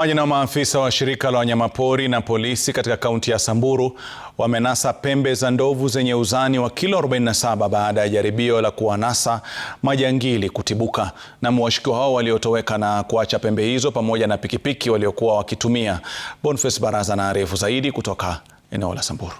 Pamoja na maafisa wa shirika la wanyamapori na polisi katika kaunti ya Samburu wamenasa pembe za ndovu zenye uzani wa kilo 47 baada ya jaribio la kuwanasa majangili kutibuka. Na washukiwa hao waliotoweka na kuacha pembe hizo pamoja na pikipiki waliokuwa wakitumia. Boniface Baraza anaarifu zaidi kutoka eneo la Samburu.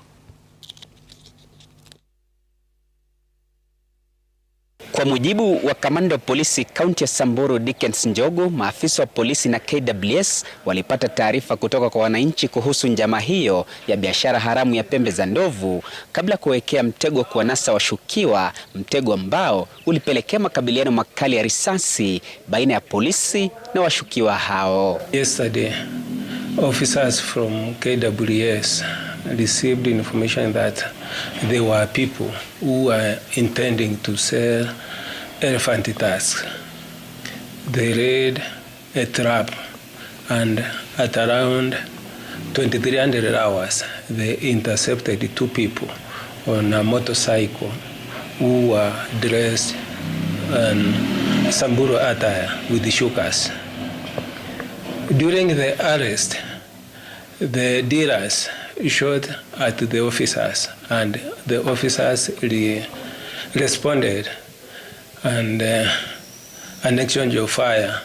Kwa mujibu wa kamanda wa polisi kaunti ya Samburu Dickens Njogu, maafisa wa polisi na KWS walipata taarifa kutoka kwa wananchi kuhusu njama hiyo ya biashara haramu ya pembe za ndovu kabla ya kuwekea mtego nasa washukiwa, mtego ambao ulipelekea makabiliano makali ya risasi baina ya polisi na washukiwa hao. Yesterday, officers from KWS received information that there were people who were intending to sell elephant tusks. They laid a trap and at around 2300 hours they intercepted two people on a motorcycle who were dressed in Samburu attire with shukas. During the arrest, the dealers shot at the officers, and the officers re responded and uh, an exchange of fire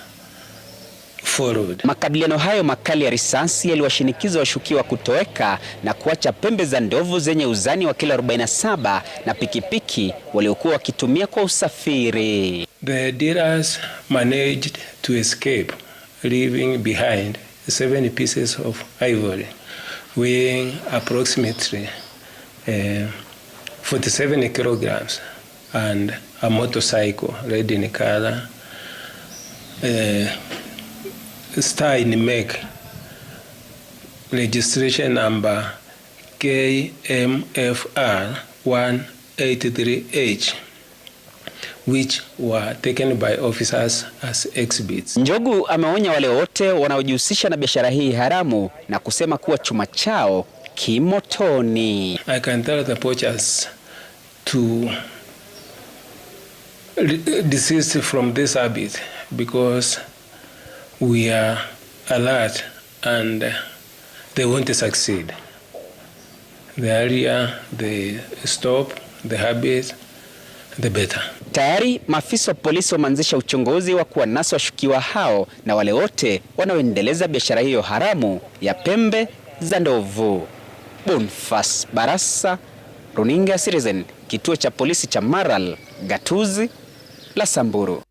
followed. Makabiliano hayo makali ya risasi yaliwashinikiza washukiwa kutoweka na kuacha pembe za ndovu zenye uzani wa kilo 47 na pikipiki waliokuwa wakitumia kwa usafiri. The dealers managed to escape leaving behind seven pieces of ivory weighing approximately uh, eh, 47 kilograms and a motorcycle red in color, uh, star in make, registration number KMFR 183H which were taken by officers as exhibits. Njogu ameonya wale wote wanaojihusisha na biashara hii haramu na kusema kuwa chuma chao kimotoni. I can tell the poachers to desist from this habit because we are alert and they won't succeed. The area, they stop the habit the better. Tayari maafisa wa polisi wameanzisha uchunguzi wa kuwanasa washukiwa hao na wale wote wanaoendeleza biashara hiyo haramu ya pembe za ndovu. Bonfas Barasa, Runinga Citizen, kituo cha polisi cha Maral, gatuzi la Samburu.